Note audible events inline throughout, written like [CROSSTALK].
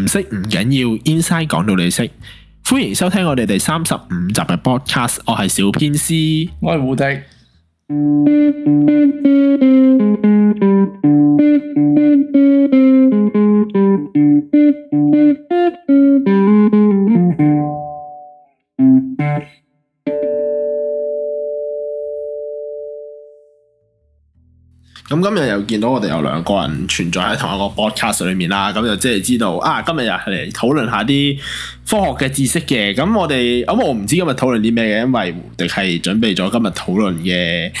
唔識唔緊要，inside 講到你識。歡迎收聽我哋第三十五集嘅 podcast，我係小編師，我係胡迪。咁今日又見到我哋有兩個人存在喺同一個 podcast 裏面啦，咁就即係知道啊，今日又嚟討論下啲科學嘅知識嘅。咁我哋咁、啊、我唔知今日討論啲咩嘅？因為胡迪係準備咗今日討論嘅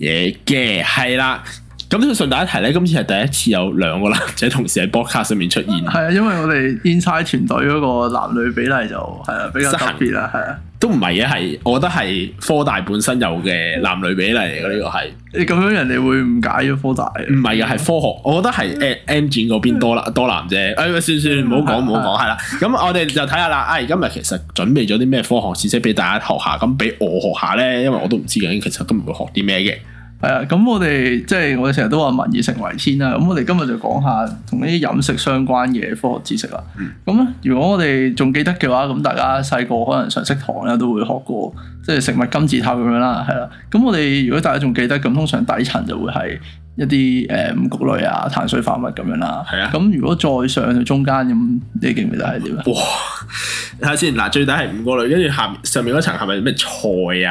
嘢嘅，係啦。咁呢個順帶一提咧，今次係第一次有兩個男仔同時喺播客上面出現。係啊，因為我哋 Inside 團隊嗰個男女比例就係啊比較特別啦，係啊。的都唔係嘅，係我覺得係科大本身有嘅男女比例嚟嘅呢個係。你咁樣，人哋會誤解咗科大。唔係嘅，係科學。我覺得係誒 Eng 嗰邊多男多男啫。誒、哎，算算唔好講唔好講，係啦。咁我哋就睇下啦。唉、哎，今日其實準備咗啲咩科學知識俾大家學下？咁俾我學下咧，因為我都唔知究竟其實都唔會學啲咩嘅。係啊，咁我哋即係我哋成日都話民以食為天啦，咁我哋今日就講下同呢啲飲食相關嘅科學知識啦。咁咧、嗯，如果我哋仲記得嘅話，咁大家細個可能上食堂咧都會學過。即係食物金字塔咁樣啦，係啦。咁我哋如果大家仲記得咁，通常底層就會係一啲誒，五穀類啊、碳水化物咁樣啦。係啊。咁如果再上去中間咁，你記唔記得係點啊？哇！睇下先嗱，最底係五穀類，跟住下面上面嗰層係咪咩菜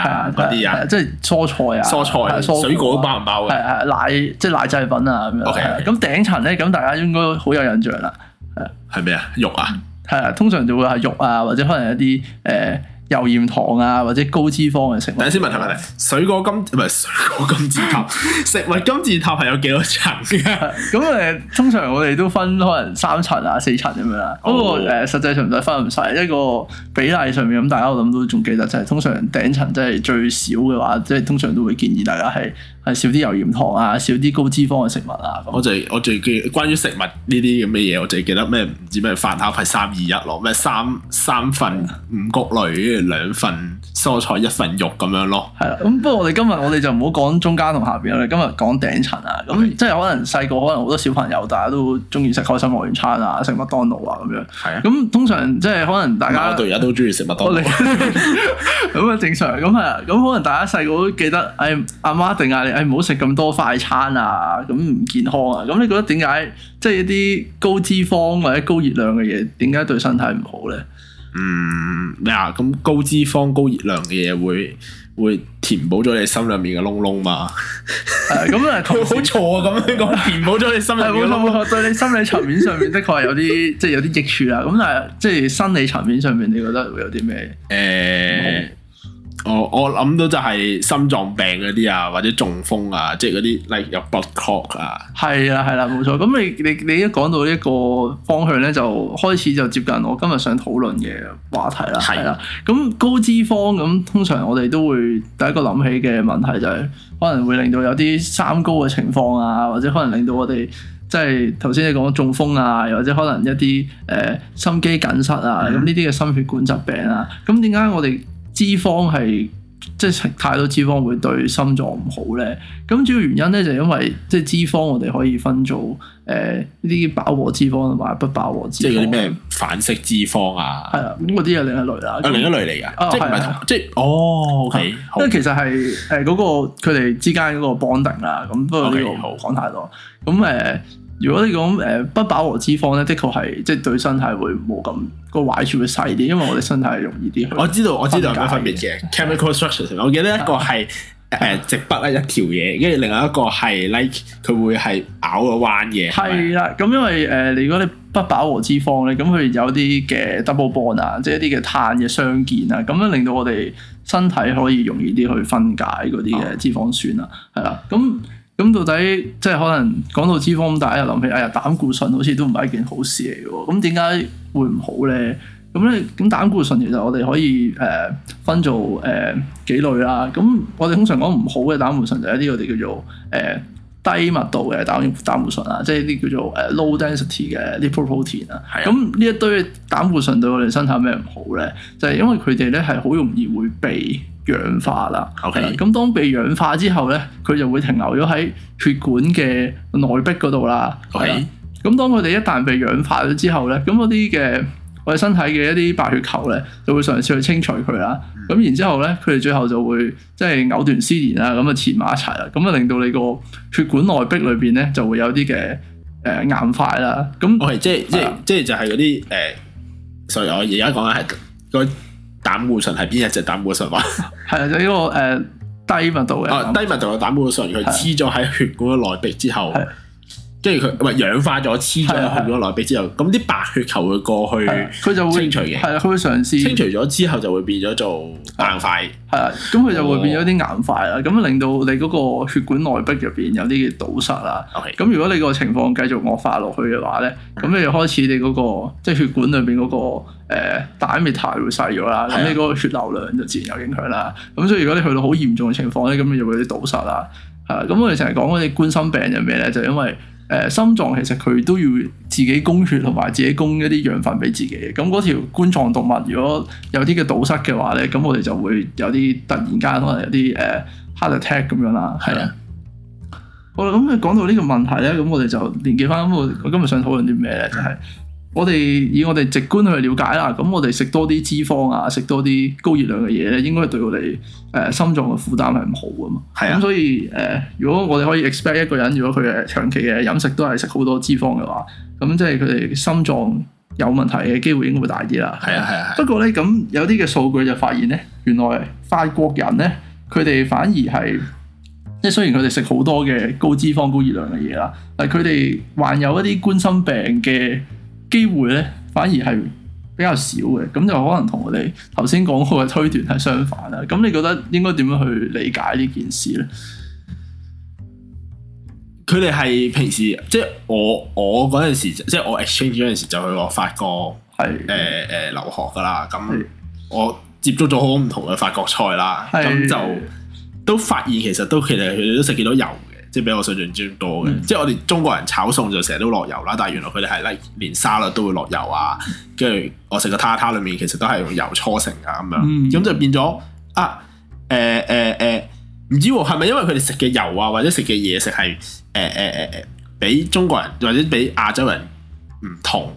啊嗰啲啊？即係蔬菜啊，蔬菜、水果包唔包嘅？係係奶，即係奶製品啊咁樣。咁頂層咧，咁大家應該好有印象啦。誒，係咩啊？肉啊？係啊，通常就會係肉啊，或者可能一啲誒。油鹽糖啊，或者高脂肪嘅食物。先問題，問題，水果金唔係水果金字塔，食物金字塔係有幾多層？咁誒、 [LAUGHS] [LAUGHS] 嗯，通常我哋都分可能三層啊、四層咁樣啦。不過誒，實際上都分唔晒，一個比例上面咁。大家我諗都仲記得，即係通常頂層即係最少嘅話，即、就、係、係、通常都會建議大家係係少啲油鹽糖啊，少啲高脂肪嘅食物啊。我就我最記關於食物呢啲咁嘅嘢，我最記得咩？唔知咩飯盒係三二一咯，咩三三份五穀類。兩份蔬菜一份肉咁樣咯，係啦、啊。咁不過我哋今日我哋就唔好講中間同下邊，我哋今日講頂層啊。咁即係可能細個可能好多小朋友，大家都中意食開心樂園餐啊，食麥當勞啊咁樣。係啊。咁通常即係、啊、可能大家我哋而家都中意食麥當勞。咁啊 [LAUGHS] 正常。咁啊咁可能大家細個都記得，哎阿媽定嗌你哎唔好食咁多快餐啊，咁唔健康啊。咁你覺得點解即係一啲高脂肪或者高熱量嘅嘢，點解對身體唔好咧？嗯，呀，咁高脂肪、高熱量嘅嘢會會填補咗你心裏面嘅窿窿嘛？咁啊， [LAUGHS] 好錯啊！咁樣講填補咗你心理，冇錯冇錯，對你心理層面上面的確係有啲 [LAUGHS] 即係有啲益處啦。咁但係即係生理層面上面，你覺得會有啲咩？誒、欸。嗯 Oh, 我我諗到就係心臟病嗰啲啊，或者中風啊，即係嗰啲例如有 blood clot 啊。係啊係啦，冇錯。咁你你你一講到呢一個方向咧，就開始就接近我今日想討論嘅話題啦。係啦的，咁高脂肪，咁通常我哋都會第一個諗起嘅問題就係，可能會令到有啲三高嘅情況啊，或者可能令到我哋即係頭先你講中風啊，又或者可能一啲誒、呃、心肌梗塞啊，咁呢啲嘅心血管疾病啊，咁點解我哋？脂肪係即係食太多脂肪會對心臟唔好咧。咁主要原因咧就係、因為即係脂肪，我哋可以分做誒呢啲飽和脂肪同埋不飽和脂肪。即係嗰啲咩反式脂肪啊？係啊，咁嗰啲係另一類啦。啊、就另一類嚟㗎，啊、即係唔係即係哦，OK，因為其實係誒嗰個佢哋之間嗰個 bonding 啦。咁不過呢個唔好講太多。咁誒。啊如果你講誒不飽和脂肪咧，的確係即係對身體會冇咁個壞處會細啲，因為我哋身體係容易啲去我。我知道我知道有咩分別嘅 [NOISE] chemical structure，我記得一個係誒、 [LAUGHS] 呃、直筆咧一條嘢，跟住另外一個係 like 佢會係拗個彎嘢。係啦，咁因為誒你、呃、如果你不飽和脂肪咧，咁佢有啲嘅 double bond 啊，即係一啲嘅碳嘅雙鍵啊，咁樣令到我哋身體可以容易啲去分解嗰啲嘅脂肪酸啊，係啦、嗯，咁。咁到底即係可能講到脂肪咁大，大家又諗起哎呀膽固醇好似都唔係一件好事嚟嘅，咁點解會唔好咧？咁咧，咁膽固醇其實我哋可以誒、呃、分做誒、呃、幾類啦。咁我哋通常講唔好嘅膽固醇就係一啲我哋叫做誒。呃低密度嘅膽膽固醇啊，Okay. 即係啲叫做誒 low density 嘅 lipoprotein 啊。咁呢的一堆膽固醇對我哋身體有咩唔好咧？Okay. 就係因為佢哋咧，係好容易會被氧化啦。OK，咁當被氧化之後咧，佢就會停留咗喺血管嘅內壁嗰度啦。係，咁 Okay. 當佢哋一旦被氧化咗之後咧，咁嗰啲嘅。我哋身體嘅一啲白血球咧，就會嘗試去清除佢啦。咁然之後咧，佢哋最後就會即係藕斷絲連啊，咁啊纏埋一齊啦。咁啊令到你個血管內壁裏邊咧，就會有啲嘅誒硬塊啦。咁、呃、我係即係即係即係就係嗰啲誒，所以我而家講緊係個膽固醇係邊一隻膽固醇話？係啊，就呢、是、個誒、呃、低密度嘅。啊，低密度嘅膽固醇，佢黐咗喺血管嘅內壁之後。即係佢唔係氧化咗黐咗喺血管內壁之後，咁啲白血球會過去，佢就會，會清除嘅，係啦，佢會嘗試清除咗之後就會變咗做硬塊，係啦，咁佢就會變咗啲硬塊啦，咁、哦、令到你嗰個血管內壁入邊有啲嘅堵塞啦。咁 Okay. 如果你個情況繼續惡化落去嘅話咧，咁 Okay. 你就開始你嗰、那個即係血管裏邊嗰個誒 diameter 會細咗啦，咁的你嗰個血流量就自然有影響啦。咁所以如果你去到好嚴重嘅情況咧，咁你就會有啲堵塞啦。係啊，咁我哋成日講嗰啲冠心病係咩咧？就因為誒，心臟其實佢都要自己供血，同埋自己供一啲養分俾自己，咁嗰條冠狀動脈如果有啲嘅堵塞嘅話咧，咁我哋就會有啲突然間可能有啲誒 heart attack 咁樣啦，係啦。好啦，咁佢講到呢個問題咧，咁我哋就連結翻我今日想討論啲咩咧，就係。 [NOISE] 我哋以我哋直觀去了解，啦，咁我哋食多啲脂肪啊，食多啲高熱量嘅嘢咧，應該對我哋誒、呃、心臟嘅負擔係唔好㗎嘛。係啊的，咁所以誒、呃，如果我哋可以 expect 一個人，如果佢誒長期嘅飲食都係食好多脂肪嘅話，咁即係佢哋心臟有問題嘅機會應該會大啲啦。係啊的，係啊。不過咧，咁有啲嘅數據就發現咧，原來法國人咧，佢哋反而係，即係雖然佢哋食好多嘅高脂肪、高熱量嘅嘢啦，但係佢哋患有一啲冠心病嘅機會咧，反而係比較少嘅，咁就可能同我哋頭先講過嘅推斷係相反啦。咁你覺得應該點樣去理解呢件事咧？佢哋係平時即係我我嗰陣時即係我 exchange 嗰陣時就去過法國係誒誒留學噶啦，咁我接觸咗好唔同嘅法國菜啦，咁的就都發現其實都其實佢哋都食幾多油。即係比我想象中多嘅，嗯、即係我哋中國人炒餸就成日都落油啦，但係原來佢哋係 like 連沙律都會落油啊，跟住、嗯、我食個塔塔裏面其實都係用油搓成㗎咁、嗯、樣，咁就變咗啊誒誒誒，唔、欸欸欸、知係咪因為佢哋食嘅油啊或者食嘅嘢食係誒誒誒誒，比中國人或者比亞洲人唔同，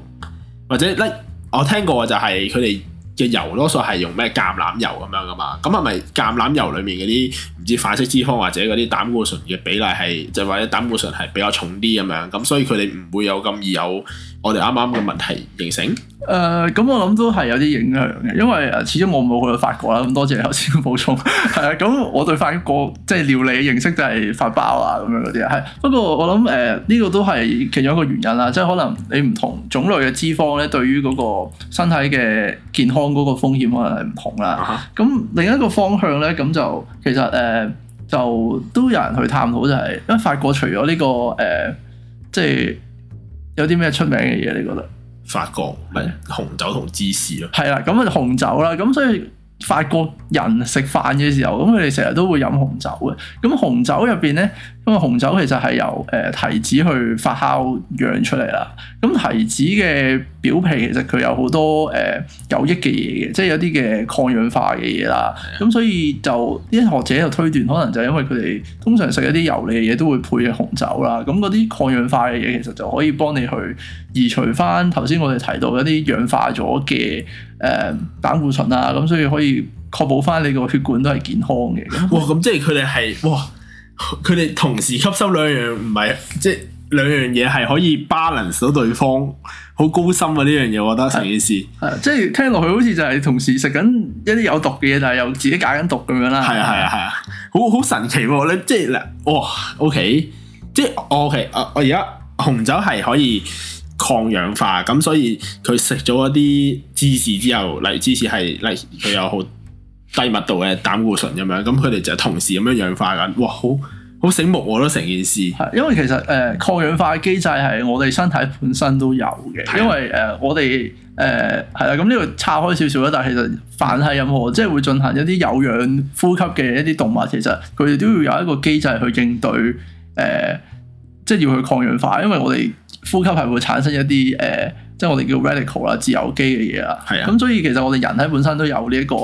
或者 l、like, 我聽過就係佢哋。嘅油多數係用咩橄欖油咁樣㗎嘛，咁係咪橄欖油裡面嗰啲唔知反式脂肪或者嗰啲膽固醇嘅比例係就或者膽固醇係比較重啲咁樣，咁所以佢哋唔會有咁易有。我哋啱啱嘅問題形成，誒咁、呃、我諗都係有啲影響嘅，因為誒始終我冇去到法國啦，咁多謝你頭先嘅補充，係 [LAUGHS] 啊，咁我對法國即係料理嘅認識就係發包啊咁樣嗰啲啊，係不過我諗誒呢個都係其中一個原因啦，即係可能你唔同種類嘅脂肪咧，對於嗰個身體嘅健康嗰個風險可能係唔同啦。咁、uh huh. 另一個方向咧，咁就其實誒、呃、就都有人去探討、就係，就係因為法國除咗呢、呢個誒、呃、即係。有啲咩出名嘅嘢？你覺得法國咪紅酒同芝士咯，係啦，咁咪紅酒啦，咁所以法國人食飯嘅時候，咁佢哋成日都會飲紅酒嘅，咁紅酒入邊咧。因為紅酒其實係由誒、呃、提子去發酵釀出嚟啦。咁提子嘅表皮其實佢有好多誒、呃、有益嘅嘢嘅，即係有啲嘅抗氧化嘅嘢啦。咁、嗯、所以就啲學者就推斷，可能就因為佢哋通常食一啲油膩嘅嘢都會配紅酒啦。咁嗰啲抗氧化嘅嘢其實就可以幫你去移除翻頭先我哋提到一啲氧化咗嘅誒膽固醇啦。咁所以可以確保翻你個血管都係健康嘅哇。 [LAUGHS] 哇！咁即係佢哋係哇～佢哋同時吸收兩樣唔係，即係兩樣嘢係可以 balance 到對方，好高深啊！呢樣嘢，我覺得成件事，即係聽落去好似就係同時食緊一啲有毒嘅嘢，但係又自己解緊毒咁樣啦。係啊，係啊，係啊，好好神奇喎、哦！你即係嗱，哇，O K，即係 O K，啊，我而家紅酒係可以抗氧化，咁所以佢食咗一啲芝士之後，例如芝士係，例如佢有好。 [LAUGHS] 低密度嘅膽固醇咁樣，咁佢哋就係同時咁樣氧化緊，哇！好好醒目喎都成件事。係因為其實誒、呃、抗氧化嘅機制係我哋身體本身都有嘅，的因為誒、呃、我哋誒係啦，咁呢度拆開少少啦，但係其實凡係任何即係會進行一啲有氧呼吸嘅一啲動物，其實佢哋都要有一個機制去應對誒、呃，即係要去抗氧化，因為我哋呼吸係會產生一啲誒、呃，即係我哋叫 radical 啦、自由基嘅嘢啦。係啊的。咁所以其實我哋人體本身都有呢、這、一個。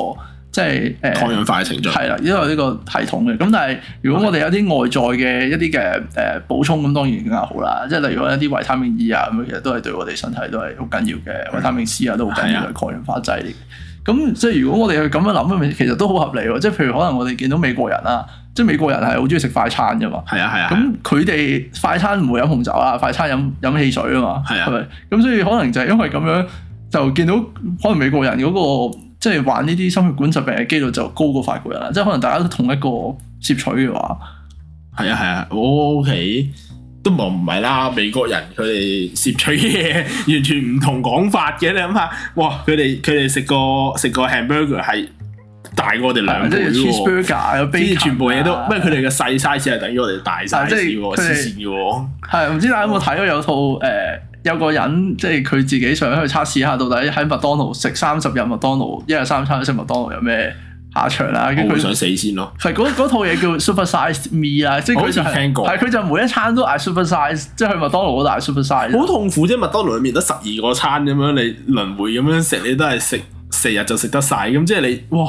即係誒、呃、抗氧化嘅程序係啦，因為呢個系統嘅。咁但係如果我哋有啲外在嘅一啲嘅誒補充，咁當然更加好啦。即係例如一啲維他命 E 啊，咁其實都係對我哋身體都係好緊要嘅。的維他命 C 啊，都好緊要嘅抗氧化劑嚟嘅。咁的即係如果我哋係咁樣諗，其實都好合理喎。即係譬如可能我哋見到美國人啦，即係美國人係好中意食快餐嘅嘛。係啊係啊。咁佢哋快餐唔會飲紅酒啊，快餐飲飲汽水啊嘛。係咪？咁的所以可能就係因為咁樣，就見到可能美國人嗰、嗰個。即係患呢啲心血管疾病嘅機率就高過法國人啦，即係可能大家都同一個攝取嘅話，係啊係啊，哦，OK，都冇唔係啦，美國人佢哋攝取嘅嘢完全唔同講法嘅，你諗下，哇！佢哋佢哋食個食個 hamburger 係大過我哋兩倍咯，burger，全部嘢都，不過佢哋嘅細 size 係等於我哋大 size 喎，黐線嘅喎，係唔知大家有冇睇過有套誒。嗯呃有個人即係佢自己想去測試下，到底喺麥當勞食三十日麥當勞一日三餐食麥當勞有咩下場啦，啊。佢想先死先咯。係嗰套嘢叫 Super Size Me 啊，即係佢就佢就每一餐都嗌 Super Size 即係去麥當勞都嗌 Super Size 好痛苦啫！麥當勞裡面得十二個餐咁樣，你輪迴咁樣食，你都係食四日就食得晒。咁即係你哇，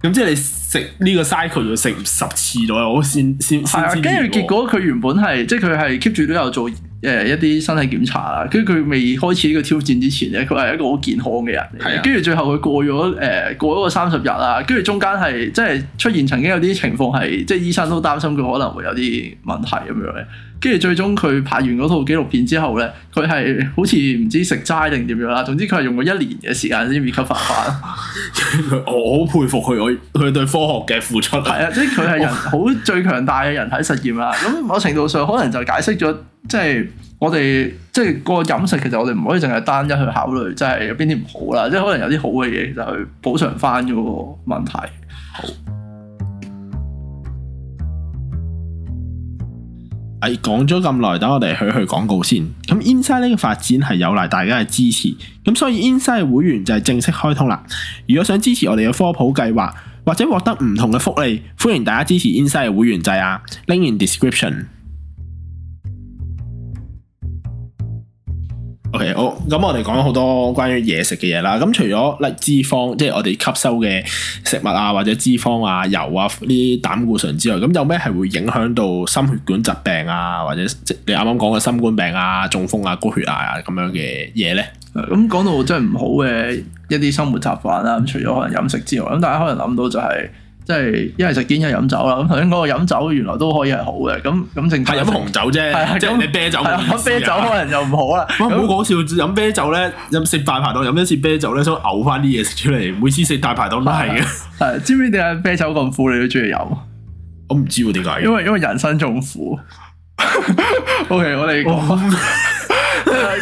咁即係你食呢個 cycle 就食十次左右先先。係啊，跟住結果佢原本係即係佢係 keep 住都有做。誒一啲身體檢查啦，跟住佢未開始呢個挑戰之前咧，佢係一個好健康嘅人。係的。跟住最後佢過咗誒、呃、過咗個三十日啊，跟住中間係即係出現曾經有啲情況係，即係醫生都擔心佢可能會有啲問題咁樣咧。跟住最終佢拍完嗰套紀錄片之後咧，佢係好似唔知食齋定點樣啦。總之佢係用咗一年嘅時間先至吸發發。煩煩 [LAUGHS] 我好佩服佢，佢對科學嘅付出。係啊，即係佢係人好 [LAUGHS] 最強大嘅人體實驗啦。咁某程度上可能就解釋咗。即係我哋即係個飲食，其實我哋唔可以淨係單一去考慮，即係有邊啲唔好啦，即係可能有啲好嘅嘢就去補償翻個問題。好，哎，係講咗咁耐，等我哋去去廣告先。咁 Inside 呢個發展係有賴大家嘅支持，咁所以 Inside 會員就係正式開通啦。如果想支持我哋嘅科普計劃或者獲得唔同嘅福利，歡迎大家支持 Inside 嘅會員制，就是，啊！Link in description。咁我哋講咗好多關於嘢食嘅嘢啦，咁除咗甩脂肪，即係我哋吸收嘅食物啊，或者脂肪啊、油啊呢啲膽固醇之外，咁有咩係會影響到心血管疾病啊，或者即你啱啱講嘅新冠病毒啊、中風啊、高血壓啊咁樣嘅嘢咧？嗯，咁講到真係唔好嘅一啲生活習慣啦，咁除咗可能飲食之外，咁大家可能諗到就係、是。即係一係食煙一係飲酒啦，咁頭先嗰個飲酒原來都可以係好嘅，咁咁淨係飲紅酒啫，即係你啤酒，啤酒可能又唔好啦。冇講笑，飲啤酒咧，飲食大排檔飲一次啤酒咧，想嘔翻啲嘢食出嚟，每次食大排檔都係嘅。係，知唔知點解啤酒咁苦？你都中意飲？我唔知喎，點解？因為因為人生重苦。O K，我哋講，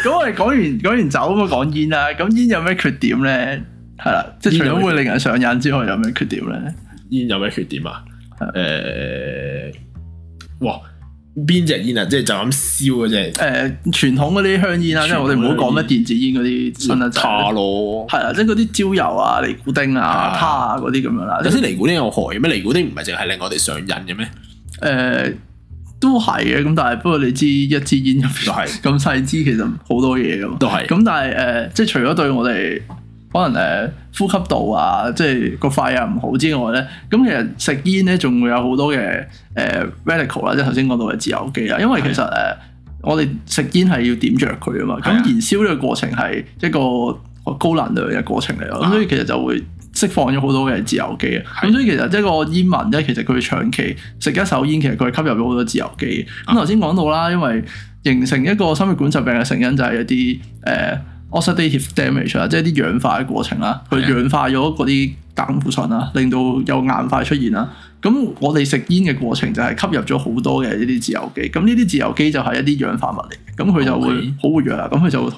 咁我哋講完講完酒咁啊，講煙啦。咁煙有咩缺點咧？係啦，即係除咗會令人上癮之外，有咩缺點咧？煙有咩缺點啊？誒的，哇、呃，邊隻煙啊？即係就咁燒嘅、啊、啫。誒、呃，傳統嗰啲香煙啊，即係我哋唔好講咩電子煙嗰啲，差咯。係啊，即係嗰啲焦油啊、尼古丁啊、他的啊嗰啲咁樣啦。首先，尼古丁有害咩？尼古丁唔係淨係令我哋上癮嘅咩？誒、呃，都係嘅。咁但係不過你知一支煙入邊是，咁 [LAUGHS] 細支其實好多嘢嘅嘛。都係是。咁但係誒、呃，即係除咗對我哋。可能誒、呃、呼吸道啊，即係個肺啊唔好之外咧，咁其實食煙咧仲會有好多嘅誒 radical 啦，即係頭先講到嘅自由基啦。因為其實誒是的、啊、我哋食煙係要點着佢啊嘛，咁是的 燃燒呢個過程係一個高能量嘅過程嚟咯，咁、啊、所以其實就會釋放咗好多嘅自由基啊。咁是的 所以其實即係個煙民咧，其實佢長期食一手煙，其實佢吸入咗好多自由基。咁頭先講到啦，因為形成一個心血管疾病嘅成，成因就係一啲誒。呃呃 Oxidative damage 啊、嗯，即係啲氧化嘅過程啦，佢的氧化咗嗰啲膽固醇啊，令到有硬塊出現啦。咁我哋食煙嘅過程就係吸入咗好多嘅呢啲自由基，咁呢啲自由基就係一啲氧化物嚟，咁佢就會好活躍，咁佢就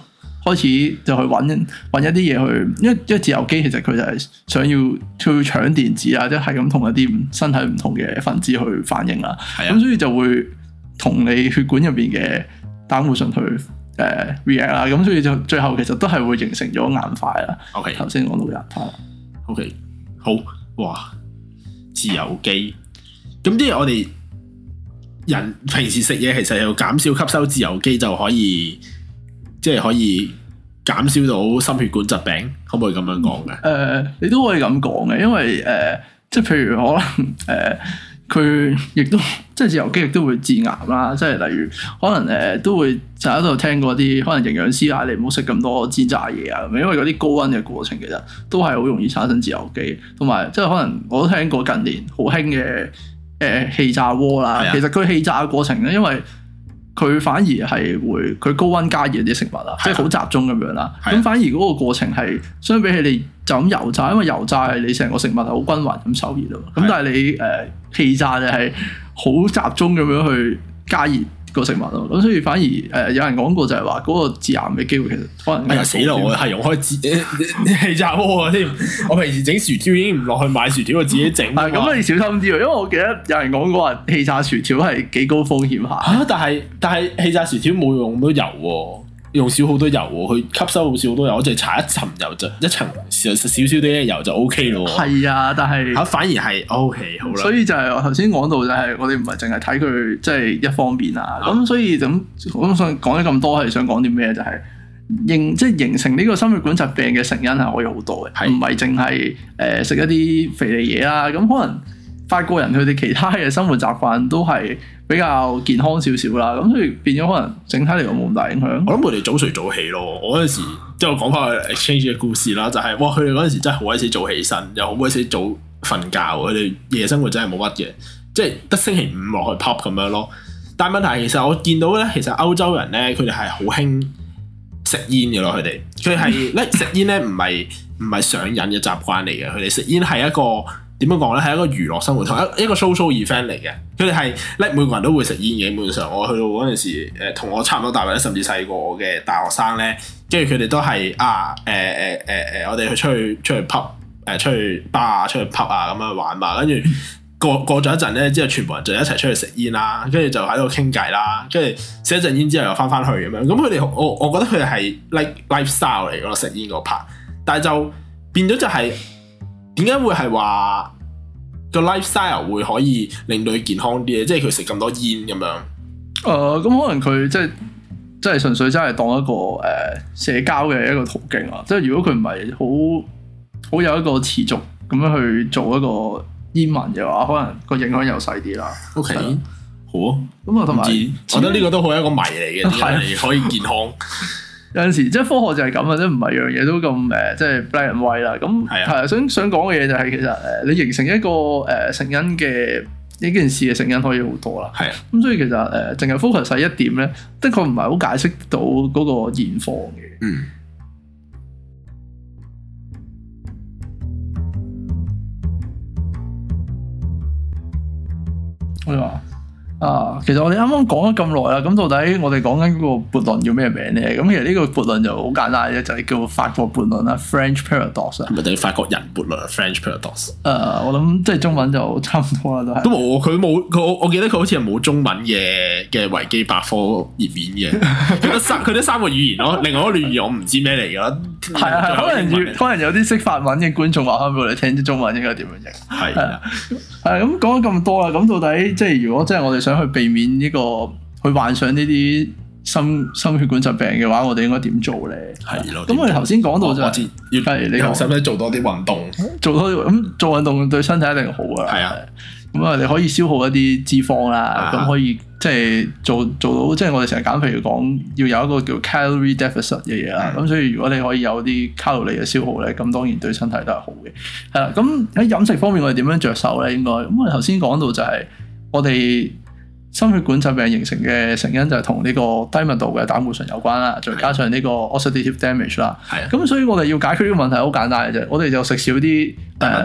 開始就去揾一揾一啲嘢去，因為因為自由基其實佢就係想要去搶電子啊，即係咁同一啲身體唔同嘅分子去反應啦。咁的所以就會同你血管入邊嘅膽固醇去。誒 react 啦，咁所以就最後其實都係會形成咗硬塊啦。O K，頭先講到硬塊啦。O、okay. K，好哇，自由基，咁即係我哋人平時食嘢，其實又減少吸收自由基就可以，即、就、係、是、可以減少到心血管疾病，可唔可以咁樣講嘅？誒，uh, 你都可以咁講嘅，因為誒，即、uh, 係譬如可能誒。Uh, 佢亦都即係自由基，亦都會致癌啦。即係例如，可能誒、呃、都會就喺度聽過啲可能營養師嗌你唔好食咁多煎炸嘢啊。因為嗰啲高溫嘅過程其實都係好容易產生自由基，同埋即係可能我都聽過近年好興嘅誒氣炸鍋啦。是啊、其實佢氣炸嘅過程咧，因為佢反而係會佢高溫加熱啲食物是啊，即係好集中咁樣啦。咁是、啊、反而嗰個過程係相比起你，就咁油炸，因為油炸係你成個食物好均勻咁受熱咯。咁的但係你誒、呃、氣炸就係好集中咁樣去加熱個食物咯。咁、呃、所以反而誒、呃、有人講過就係話嗰個致癌嘅機會其實可能係、哎，死咯，我係用開 [LAUGHS] 氣炸鍋添。我平時整薯條已經唔落去買薯條，我自己整。係咁， [LAUGHS] 你小心啲啊，因為我記得有人講過話氣炸薯條係幾高風險嚇、啊。但係但係氣炸薯條冇用咁多油喎、啊。用少好多油，去吸收好少好多油，我淨係搽一層油就一層少少少啲嘅油就 OK 咯。係啊，但係嚇反而係 OK 好啦。所以就係我頭先講到就係我哋唔係淨係睇佢即係一方面啊。咁所以咁我想講咗咁多係想講啲咩就係、是、形即係、就是、形成呢個心血管疾病嘅成因係可以好多嘅，唔係淨係誒食一啲肥膩嘢啊。咁可能法國人佢哋其他嘅生活習慣都係。比較健康少少啦，咁所以變咗可能整體嚟講冇咁大影響。我諗佢哋早睡早起咯。我嗰陣時即係講翻 exchange 嘅故事啦，就係、是、哇，佢哋嗰陣時真係好鬼死早起身，又好鬼死早瞓覺。佢哋夜生活真係冇乜嘢，即係得星期五落去 pop 咁樣咯。但係問題其實我見到咧，其實歐洲人咧，佢哋係好興食煙嘅咯。佢哋佢係咧食煙咧，唔係唔係上癮嘅習慣嚟嘅。佢哋食煙係一個。點樣講咧？係一個娛樂生活，同一一個 social event 嚟嘅。佢哋係 like 每個人都會食煙嘅。基本上，我去到嗰陣時，誒、呃、同我差唔多大或者甚至細過嘅大學生咧，跟住佢哋都係啊，誒誒誒誒，我哋去出去出去 pub，誒、呃、出去 bar，出去 pub 啊咁樣玩嘛。跟住過過咗一陣咧，之後全部人就一齊出去食煙啦，跟住就喺度傾偈啦，跟住食一陣煙之後又翻翻去咁樣。咁佢哋我我覺得佢哋係 like lifestyle 嚟咯，食煙嗰 part，但係就變咗就係、是。點解會係話個 lifestyle 會可以令到佢健康啲咧？即係佢食咁多煙咁樣。誒、呃，咁、嗯、可能佢即係即係純粹真係當一個誒、呃、社交嘅一個途徑啊。即係如果佢唔係好好有一個持續咁樣去做一個煙民嘅話，可能個影響又細啲啦。OK，好啊。咁啊、嗯，同埋有，是我覺得呢個都係一個謎嚟嘅，係可以健康。 [LAUGHS] 有陣時即係科學就係咁啊，即唔係樣嘢都咁誒，即係 black and white 啦。咁係啊，係啊是的，想想講嘅嘢就係其實誒、呃，你形成一個誒、呃、成因嘅呢件事嘅成因可以好多啦。係啊，咁所以其實誒淨、呃、係 focus 喺一點咧，的確唔係好解釋到嗰個現況嘅。嗯。我哋話。啊，其實我哋啱啱講咗咁耐啦，咁到底我哋講緊嗰個悖論叫咩名咧？咁其實呢個悖論就好簡單嘅，就係、是、叫法國悖論啊 f r e n c h paradox）。唔係定法國人悖論 （French paradox）。誒、啊，我諗即係中文就差唔多啦，都係。都冇，佢冇我記得佢好似係冇中文嘅嘅維基百科頁面嘅。佢 [LAUGHS] 三，佢都三個語言咯， [LAUGHS] 另外嗰兩語言我唔知咩嚟㗎啦。係，可能可能有啲識法文嘅觀眾話翻俾我哋聽，啲中文應該點樣認？係啊，咁講咗咁多啦，咁到底即係如果即係我哋想去避免呢、這個去患上呢啲心心血管疾病嘅話，我哋應該點做咧？係咁，我哋頭先講到就係、是、係你使唔使做多啲運動？做多咁、嗯、做運動對身體一定好噶。係啊的，咁啊的你可以消耗一啲脂肪啦。咁的、嗯、可以即係做做到，即係我哋成日減肥要講要有一個叫 calorie deficit 嘅嘢啦。咁的所以如果你可以有啲 calorie 嘅消耗咧，咁當然對身體都係好嘅。係啦，咁、嗯、喺飲食方面我哋點樣着手咧？應該咁我哋頭先講到就係我哋。我心血管疾病形成嘅成因就係同呢個低密度嘅膽固醇有關啦，再加上呢個 oxidative damage 啦。係咁所以我哋要解決呢個問題好簡單嘅啫，我哋就食少啲低密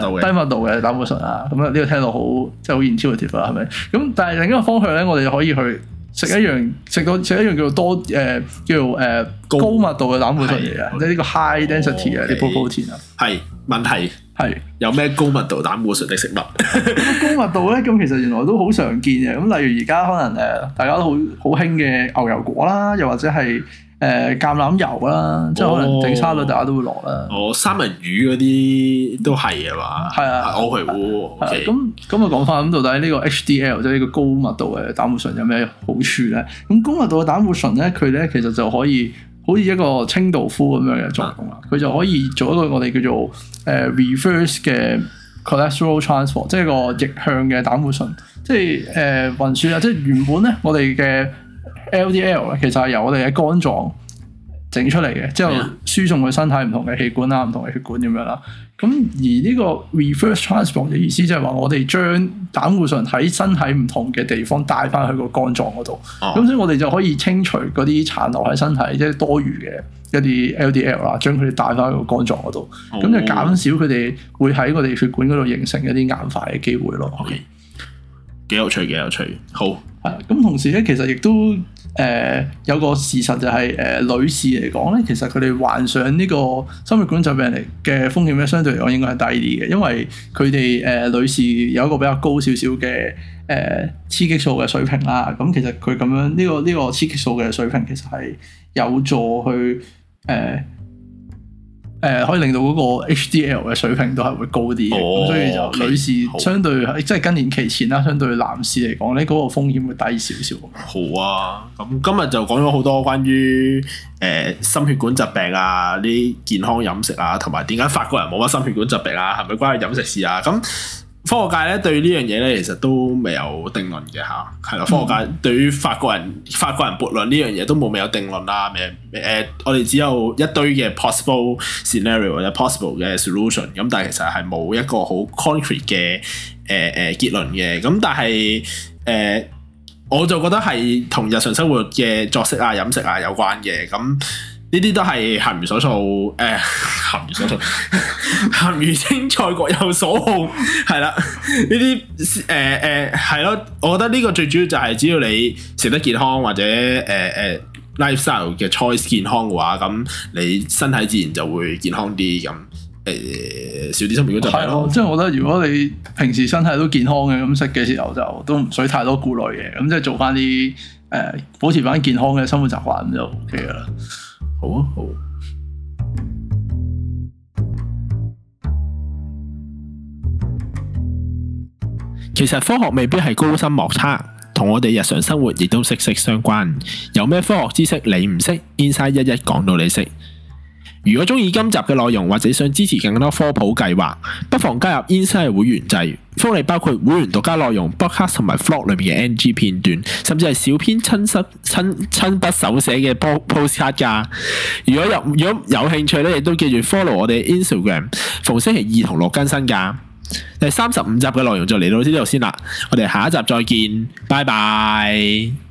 度嘅膽固醇啊。咁啊，呢個聽到好即係好 intuitive 啦，係咪？咁但係另一個方向咧，我哋可以去食一樣食個食一樣叫做多誒，叫做誒高密度嘅膽固醇嚟嘅，即係呢個 high density 啊，啲 lipoprotein 啊。係問題。係是有咩高密度膽固醇嘅食物？ [LAUGHS] 高密度咧，咁其實原來都好常見嘅。咁例如而家可能誒，大家都好好興嘅牛油果啦，又或者係誒、呃、橄欖油啦，哦、即係可能整沙律大家都會攞啦。哦，三文魚嗰啲都係啊嘛。係啊，我係會。咁咁啊，okay 啊就講翻，咁到底呢個 HDL 即係呢個高密度嘅膽固醇有咩好處咧？咁高密度嘅膽固醇咧，佢咧其實就可以。好似一個清道夫咁樣嘅作用啦，佢就可以做一個我哋叫做誒、呃、reverse 嘅 cholesterol t r a n s f e r，即係個逆向嘅膽固醇，即係誒、呃、運輸啊！即係原本咧，我哋嘅 LDL 咧，其實係由我哋嘅肝臟。整出嚟嘅，之後輸送佢身體唔同嘅器官啦，唔同嘅血管咁樣啦。咁而呢個 reverse transport 嘅意思，即係話我哋將膽固醇喺身體唔同嘅地方帶翻去個肝臟嗰度。咁、啊、所以我哋就可以清除嗰啲殘留喺身體，即係多餘嘅一啲 LDL 啦，將佢哋帶翻去個肝臟嗰度，咁、哦、就減少佢哋會喺我哋血管嗰度形成一啲硬化嘅機會咯。哦 okay. 幾有趣，幾有趣。好，係咁、嗯。同時咧，其實亦都誒、呃、有個事實就係、是，誒、呃、女士嚟講咧，其實佢哋患上呢個心血管疾病嘅風險咧，相對嚟講應該係低啲嘅，因為佢哋誒女士有一個比較高少少嘅誒雌激素嘅水平啦。咁其實佢咁樣呢個呢個雌激素嘅水平，其實係、這個這個、有助去誒。呃誒可以令到嗰個 HDL 嘅水平都係會高啲，咁所以就女士相對好即係更年期前啦，相對男士嚟講咧，嗰、嗰個風險會低少少。好啊，咁今日就講咗好多關於誒、呃、心血管疾病啊，啲健康飲食啊，同埋點解法國人冇乜心血管疾病啊，係咪關於飲食事啊？咁。科學界咧對呢樣嘢咧，其實都未有定論嘅嚇，係咯，嗯？科學界對於法國人法國人悖論呢樣嘢都冇未有，有定論啦。咩，呃、咩我哋只有一堆嘅 possible scenario 或者 possible 嘅 solution，咁但係其實係冇一個好 concrete 嘅誒誒，呃、結論嘅。咁但係誒、呃，我就覺得係同日常生活嘅作息啊、飲食啊有關嘅咁。呢啲都係鹹魚所訴，誒、欸，鹹魚所訴，鹹魚青菜各有所好，係啦，呢啲，誒、欸、誒，係、欸、咯，我覺得呢個最主要就係只要你食得健康或者，誒、欸、誒、欸、，lifestyle 嘅 choice 健康嘅話，咁你身體自然就會健康啲，咁，誒、欸，少啲生病。如果就係咯，即係我覺得如果你平時身體都健康嘅，咁食嘅時候就都唔需太多顧慮嘅，咁即係做翻啲，誒、呃，保持翻健康嘅生活習慣咁就 ok 啦。好啊好。其實科學未必係高深莫測，同我哋日常生活亦都息息相關。有咩科學知識你唔識，Ensy 一一講到你識。如果中意今集嘅內容，或者想支持更多科普計劃，不妨加入 Insider 會員制，福利包括會員獨家內容、Podcast 同埋 vlog 裏面嘅 NG 片段，甚至係小編親筆親親筆手寫嘅 post post 卡㗎。如果有如果有興趣咧，亦都記住 follow 我哋 Instagram，逢星期二同六更新㗎。第三十五集嘅內容就嚟到呢度先啦，我哋下一集再見，拜拜。